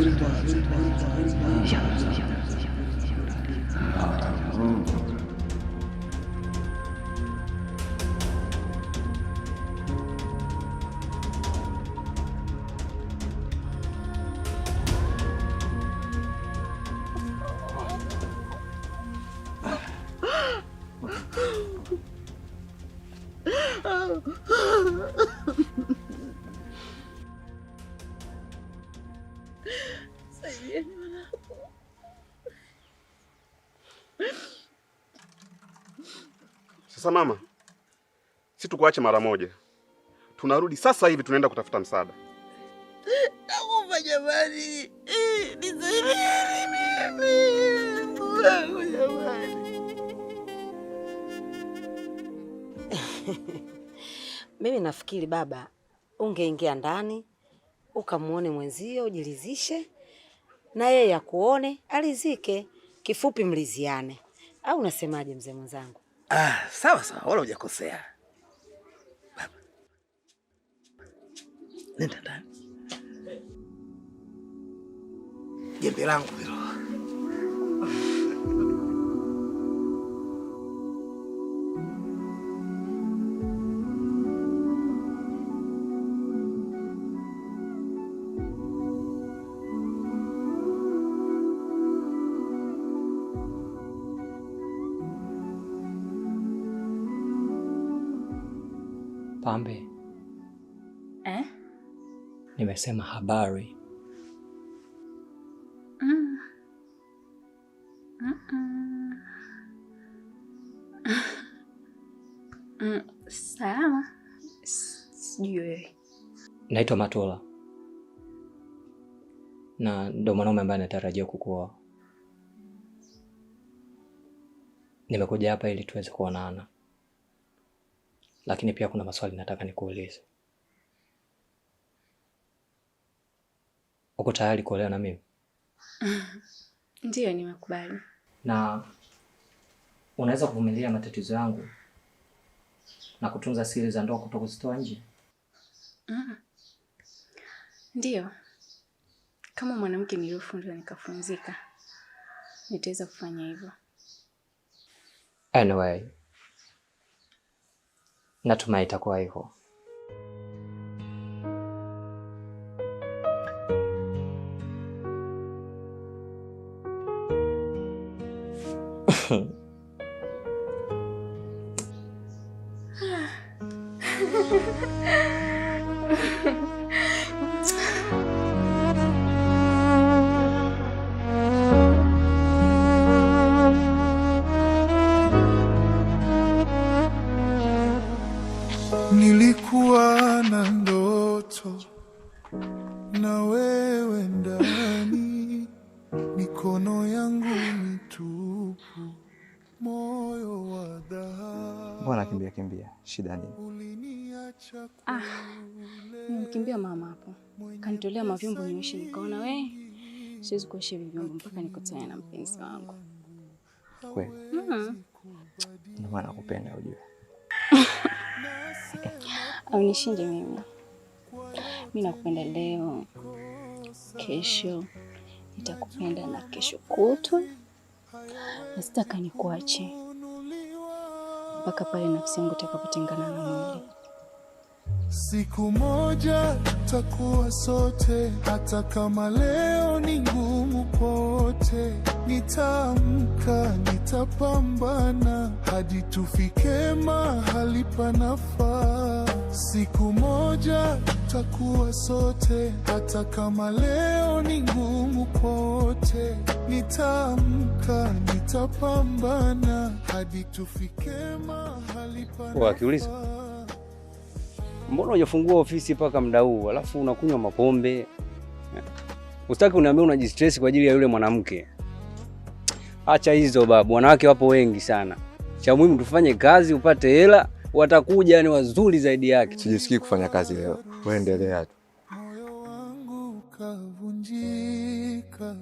Hold on. Sasa mama, si tukuache mara moja, tunarudi sasa hivi, tunaenda kutafuta msaada. Nakufa jamani, mimi nafikiri baba, ungeingia ndani ukamuone mwenzio, ujilizishe na yeye akuone, alizike. Kifupi mliziane, au unasemaje mzee mwenzangu? Ah, sawa sawa, wala hujakosea. Baba, nenda ndani, jembe langu hilo nikasema habari. mm. Sijui wewe. Naitwa Matola na ndo mwanaume ambaye anatarajia kukuoa. Nimekuja hapa ili tuweze kuonana, lakini pia kuna maswali nataka nikuulize. uko tayari kuolewa na mimi? Ndiyo, nimekubali. Na unaweza kuvumilia matatizo yangu na kutunza siri za ndoa kuto kuzitoa nje? Mm. Ndiyo, kama mwanamke niliofundwa nikafunzika, nitaweza kufanya hivyo. Anyway, natumai itakuwa hivyo. 啊！哈 Shida nini? Ah, nimkimbia mama hapo, kanitolea mavyombo nioshe, nikaona we, siwezi kuosha hivi vyombo mpaka nikutane na mpenzi wangu. Kweli? Mm-hmm. Ndio maana nakupenda ujue. Au nishinde mimi? Mimi nakupenda leo, kesho nitakupenda na kesho kutwa, na sitaka nikuache mpaka pale nafsi yangu itakapotengana na mwili. Siku moja tutakuwa sote, hata kama leo ni ngumu kwote. Nitaamka, nitapambana hadi tufike mahali panafaa. Siku moja tutakuwa sote, hata kama leo ni ngumu kwote. Nitaamka tutapambana hadi tufike mahali panafaa. Wakiuliza, mbona hujafungua ofisi mpaka muda huu, alafu unakunywa mapombe? Usitaki uniambia unajistress kwa ajili ya yule mwanamke. Acha hizo babu, wanawake wapo wengi sana. Cha muhimu tufanye kazi, upate hela, watakuja ni wazuri zaidi yake. Sijisikii kufanya kazi leo, waendelea tu. Moyo wangu kavunjika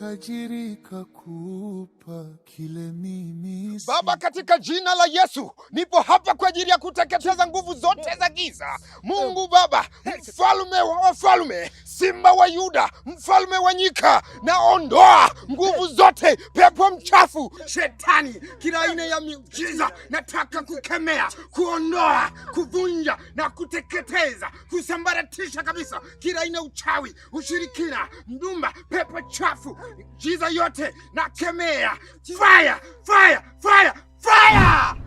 tajiri kakupa kile mimi. Baba, katika jina la Yesu, nipo hapa kwa ajili ya kuteketeza nguvu zote za giza. Mungu Baba, mfalme wa wafalme Simba wa Yuda, mfalme wa nyika, naondoa nguvu zote, pepo mchafu, shetani, kila aina ya miujiza. Nataka kukemea, kuondoa, kuvunja na kuteketeza, kusambaratisha kabisa kila aina uchawi, ushirikina, mdumba, pepo chafu, jiza yote nakemea. Fire, fire, fire, fire!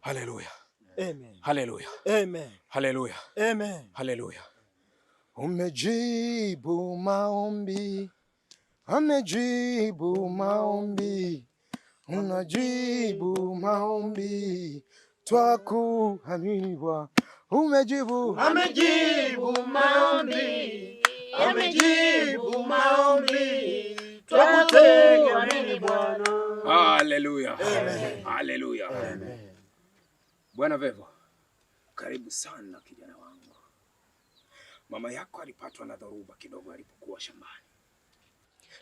Haleluya. Amen. Haleluya. Amen. Haleluya. Amen. Haleluya. Umejibu maombi, amejibu maombi, unajibu maombi, twakuhaniwa. Umejibu, amejibu maombi, amejibu maombi, twakutegemea Bwana. Haleluya, haleluya. Bwana Vevo, karibu sana kijana. Mama yako alipatwa na dhoruba kidogo alipokuwa shambani,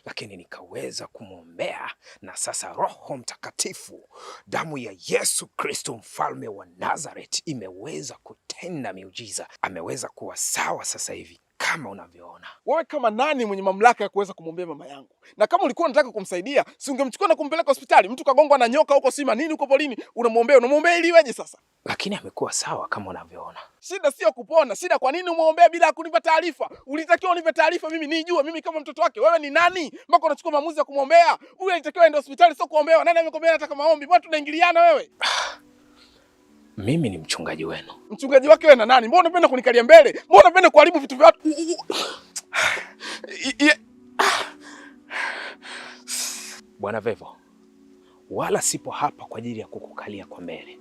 lakini nikaweza kumwombea, na sasa Roho Mtakatifu, damu ya Yesu Kristo mfalme wa Nazareth imeweza kutenda miujiza, ameweza kuwa sawa sasa hivi kama unavyoona wewe. Kama nani mwenye mamlaka ya kuweza kumwombea mama yangu? Na kama ulikuwa unataka kumsaidia, si ungemchukua na kumpeleka hospitali? Mtu kagongwa na nyoka huko sima nini huko polini, unamwombea unamwombea ili iweje sasa? Lakini amekuwa sawa kama unavyoona. Shida sio kupona, shida kwa nini umwombea bila kunipa taarifa? Ulitakiwa unipe taarifa mimi nijue, mimi kama mtoto wake. Wewe ni nani mpaka unachukua maamuzi ya kumwombea? Huyu alitakiwa aende hospitali, sio kuombewa. Nani amekwambia nataka maombi? Mbona tunaingiliana wewe? Ah, mimi ni mchungaji wenu. Mchungaji wake wewe na nani? Mbona unapenda kunikalia mbele? Mbona unapenda kuharibu vitu vya watu? Bwana Vevo, wala sipo hapa kwa ajili ya kukukalia kwa mbele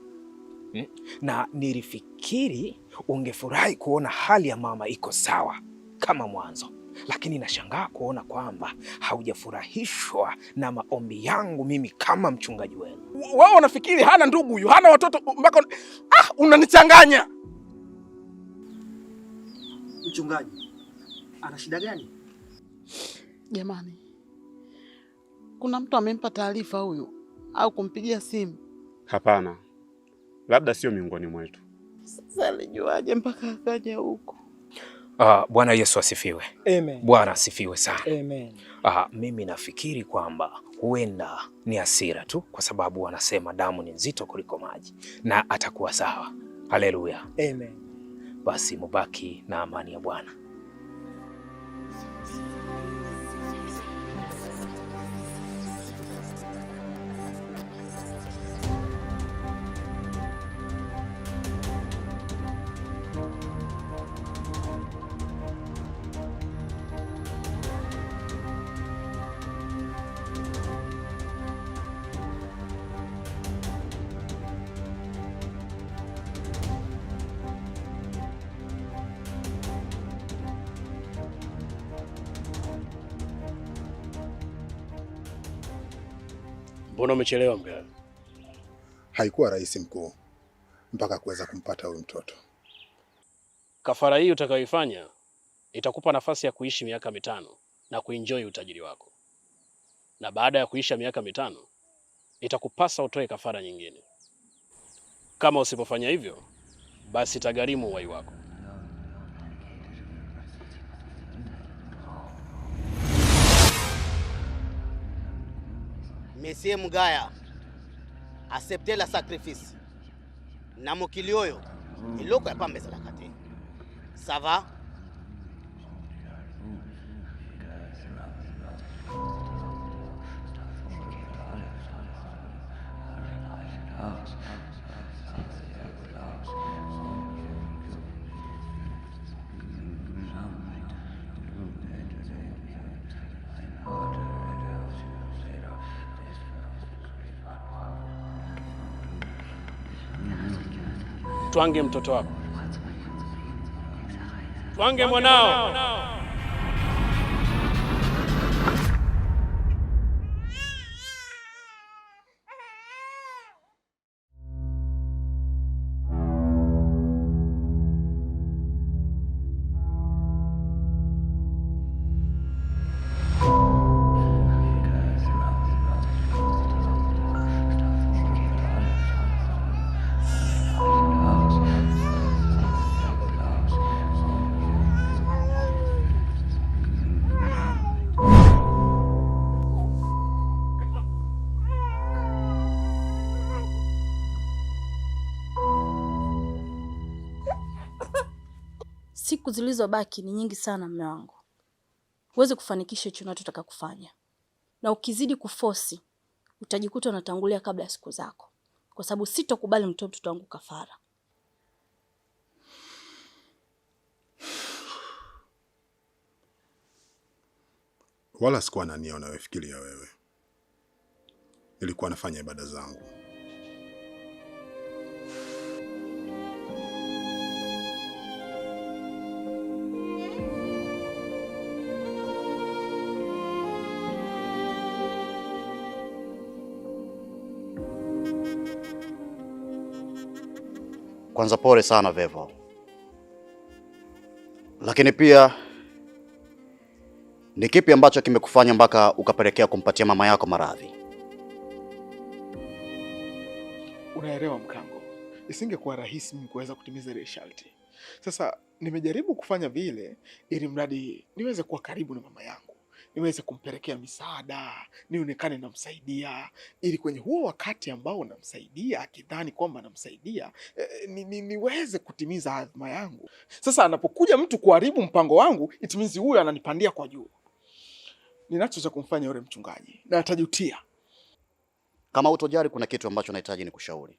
hmm? Na nilifikiri ungefurahi kuona hali ya mama iko sawa kama mwanzo lakini nashangaa kuona kwamba haujafurahishwa na maombi yangu mimi kama mchungaji wenu. Wao wanafikiri hana ndugu huyu, hana watoto mpaka. Ah, unanichanganya mchungaji. Ana shida gani jamani? Kuna mtu amempa taarifa huyu au kumpigia simu? Hapana, labda sio miongoni mwetu. Sasa alijuaje mpaka akaja huku Uh, Bwana Yesu asifiwe. Amen. Bwana asifiwe sana. Amen. Uh, mimi nafikiri kwamba huenda ni hasira tu kwa sababu wanasema damu ni nzito kuliko maji na atakuwa sawa. Haleluya. Amen. Basi mubaki na amani ya Bwana. Mbona umechelewa mganga? Haikuwa rahisi mkuu, mpaka kuweza kumpata huyu mtoto. Kafara hii utakayoifanya itakupa nafasi ya kuishi miaka mitano na kuenjoy utajiri wako, na baada ya kuisha miaka mitano itakupasa utoe kafara nyingine. Kama usipofanya hivyo, basi itagharimu uhai wako. Monsieur Mugaya accepter la sacrifice na mokili oyo iloko mm. ya pambe za lakate. ça va Twange mtoto wako, twange mwanao. siku zilizobaki ni nyingi sana, mme wangu, huwezi kufanikisha hicho unachotaka kufanya, na ukizidi kufosi utajikuta unatangulia kabla ya siku zako, kwa sababu sitokubali mtoe mtoto wangu kafara. Wala sikuwa na nia unayofikiria wewe, ilikuwa nafanya ibada zangu. Kwanza pole sana Vevo, lakini pia ni kipi ambacho kimekufanya mpaka ukapelekea kumpatia mama yako maradhi? Unaelewa Mkango, isingekuwa rahisi mimi kuweza kutimiza ile sharti. Sasa nimejaribu kufanya vile ili mradi niweze kuwa karibu na mama yangu, niweze kumpelekea misaada, nionekane namsaidia, ili kwenye huo wakati ambao namsaidia, akidhani kwamba namsaidia eh, ni, ni, niweze kutimiza azma yangu. Sasa anapokuja mtu kuharibu mpango wangu, it means huyo ananipandia kwa juu. Ninacho cha kumfanya yule mchungaji na atajutia. Kama utojari, kuna kitu ambacho nahitaji ni kushauri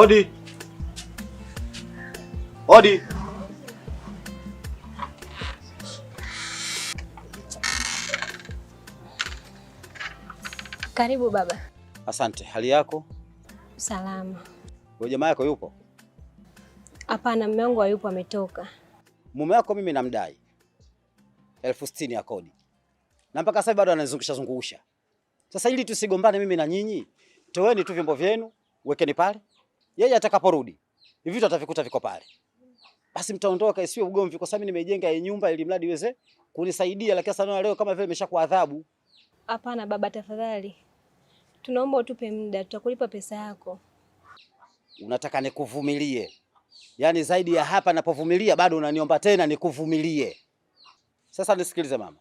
Odi. Odi. Karibu baba. Asante. Hali yako? Salama. Wewe jamaa yako yupo? Hapana, mume wangu hayupo, ametoka. Mume wako mimi namdai elfu sitini ya kodi na mpaka sasa bado anazungusha zungusha. Sasa ili tusigombane mimi na nyinyi, toweni tu vyombo vyenu, wekeni pale yeye atakaporudi hivi vitu atavikuta viko pale, basi mtaondoka, isiwe ugomvi, kwa sababu nimejenga hii nyumba ili mradi iweze kunisaidia, lakini sasa leo kama vile nimeshakuwa adhabu. Hapana baba, tafadhali, tunaomba utupe muda, tutakulipa pesa yako. Unataka nikuvumilie? Yaani zaidi ya hapa napovumilia, bado unaniomba tena nikuvumilie? Sasa nisikilize mama,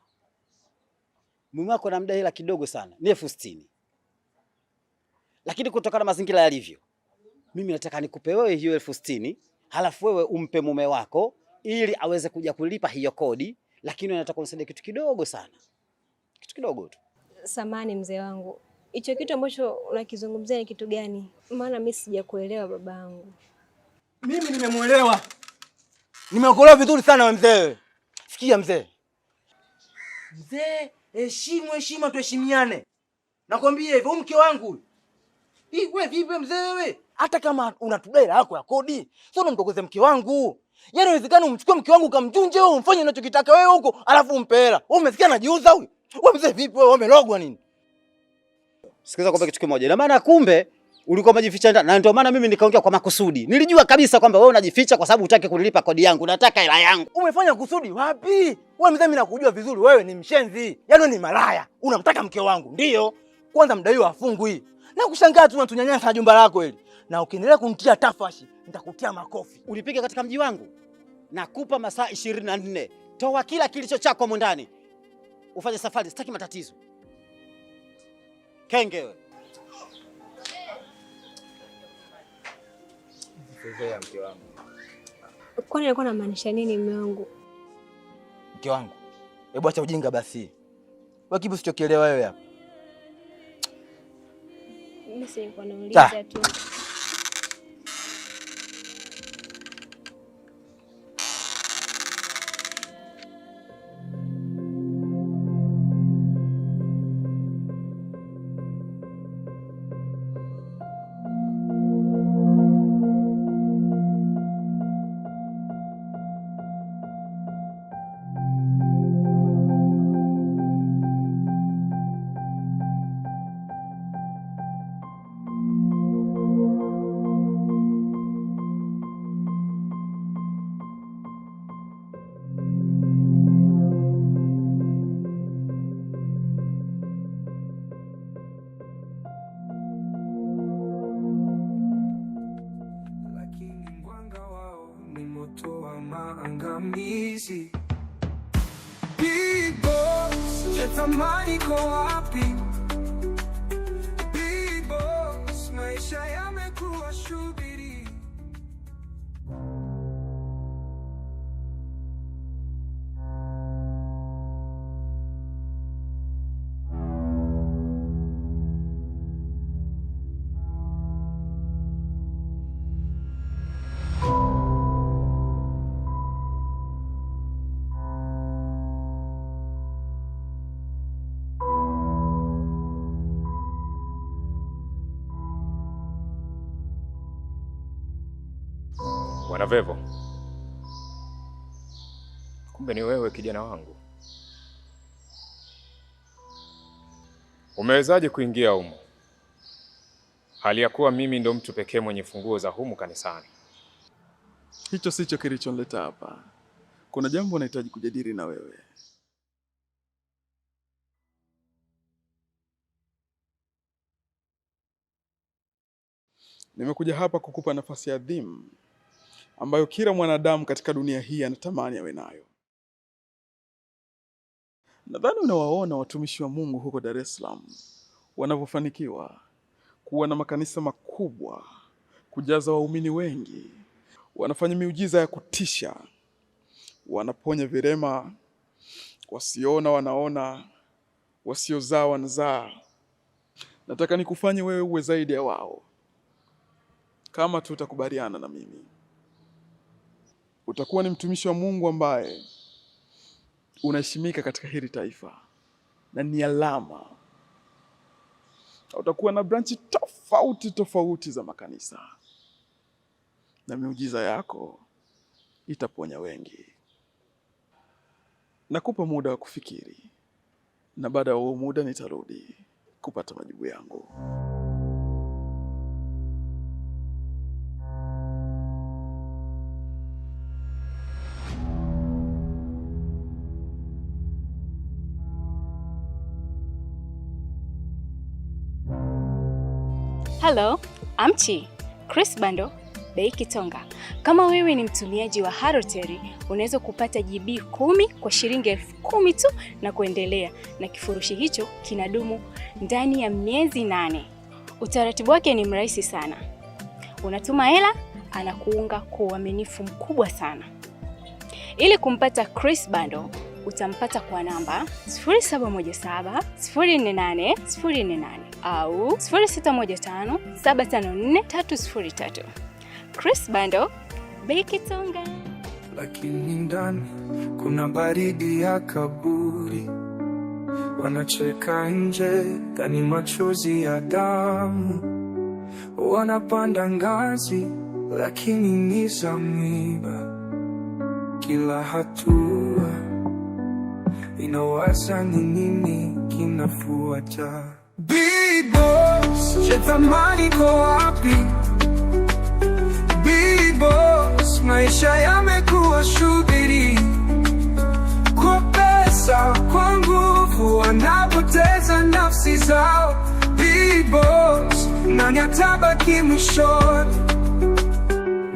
mume wako na muda hela kidogo sana, ni elfu sitini, lakini kutokana na mazingira yalivyo mimi nataka nikupe wewe hiyo elfu sitini halafu wewe umpe mume wako ili aweze kuja kulipa hiyo kodi, lakini nataka unisaidie kitu kidogo sana, kitu kidogo tu. Samani mzee wangu, hicho kitu ambacho unakizungumzia ni kitu gani? Maana mimi sijakuelewa baba yangu. Mimi nimemuelewa, nimekuelewa vizuri sana wewe mzee. Sikia mzee, mzee, heshimu heshima, tuheshimiane. Nakwambia hivyo, mke wangu wewe vipi mzee wewe hata kama unatudai hela yako ya kodi, sio unamtokoze mke wangu. Yaani inawezekana umchukue mke wangu ukamjunje wewe, umfanye unachokitaka wewe huko, alafu umpe hela. Wewe umesikia anajiuza huyu? Wewe mzee vipi wewe, umelogwa nini? Sikiza kwamba kitu kimoja. Ina maana kumbe ulikuwa umejificha na ndio maana mimi nikaongea kwa makusudi. Nilijua kabisa kwamba wewe unajificha kwa sababu unataka kunilipa kodi yangu, unataka hela yangu. Umefanya kusudi wapi? Wewe mzee, mimi nakujua vizuri, wewe ni mshenzi. Yaani ni malaya. Unamtaka mke wangu. Ndio. Kwanza mdaiwa afungwi. Na kushangaa tu unatunyanyasa jumba lako hili na ukiendelea kunitia tafashi nitakutia makofi. ulipiga katika mji wangu, nakupa masaa ishirini na nne. Toa kila kilicho chako humo ndani, ufanye safari. Sitaki matatizo. Kenge we kwani alikuwa anamaanisha nini? Mume wangu, mke wangu, hebu acha ujinga basi. Wewe kipi usichokielewa wewe hapa? Mimi sikuwa nauliza tu. hanggang easy Big boss, the money ko api Big boss, maisha yamekuwa shughuli Vevo, kumbe ni wewe kijana wangu. Umewezaje kuingia humu hali ya kuwa mimi ndo mtu pekee mwenye funguo za humu kanisani? Hicho sicho kilichonleta hapa. Kuna jambo nahitaji kujadili na wewe. Nimekuja hapa kukupa nafasi adhimu ambayo kila mwanadamu katika dunia hii anatamani awe nayo. Nadhani unawaona watumishi wa Mungu huko Dar es Salaam wanavyofanikiwa kuwa na makanisa makubwa, kujaza waumini wengi, wanafanya miujiza ya kutisha, wanaponya virema wasioona wanaona, wasiozaa wanazaa. Nataka nikufanye wewe uwe zaidi ya wao, kama tutakubaliana na mimi utakuwa ni mtumishi wa Mungu ambaye unaheshimika katika hili taifa na ni alama. Utakuwa na branchi tofauti tofauti za makanisa na miujiza yako itaponya wengi. Nakupa muda wa kufikiri, na baada ya huo muda nitarudi kupata majibu yangu. Hello, I'm Chi. Chris Bando, Bei Kitonga. Kama wewe ni mtumiaji wa haroteri unaweza kupata GB kumi kwa shilingi elfu kumi tu na kuendelea, na kifurushi hicho kinadumu ndani ya miezi nane. Utaratibu wake ni mrahisi sana, unatuma hela, anakuunga kwa uaminifu mkubwa sana. Ili kumpata Chris Bando utampata kwa namba 0717 au 0615 Chris Bando, Beki Tonga. Lakini ndani kuna baridi ya kaburi, wanacheka nje ndani, machozi ya damu, wanapanda ngazi lakini ni za miba kila hatua inawacha ni nini kinafuata. Je, thamani iko wapi? Maisha yamekuwa shughuli kwa pesa, kwa nguvu, wanapoteza nafsi zao. Nani atabaki mwishoni?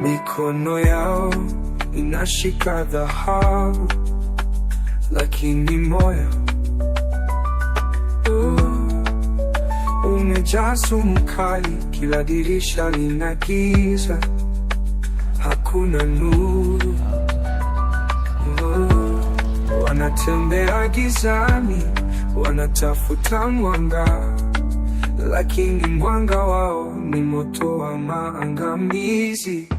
Mikono yao inashika dhahabu lakini moyo uh, umejaa sumu kila dirisha lina giza, hakuna nuru uh, wanatembea gizani, wanatafuta mwanga, lakini mwanga wao ni moto wa maangamizi.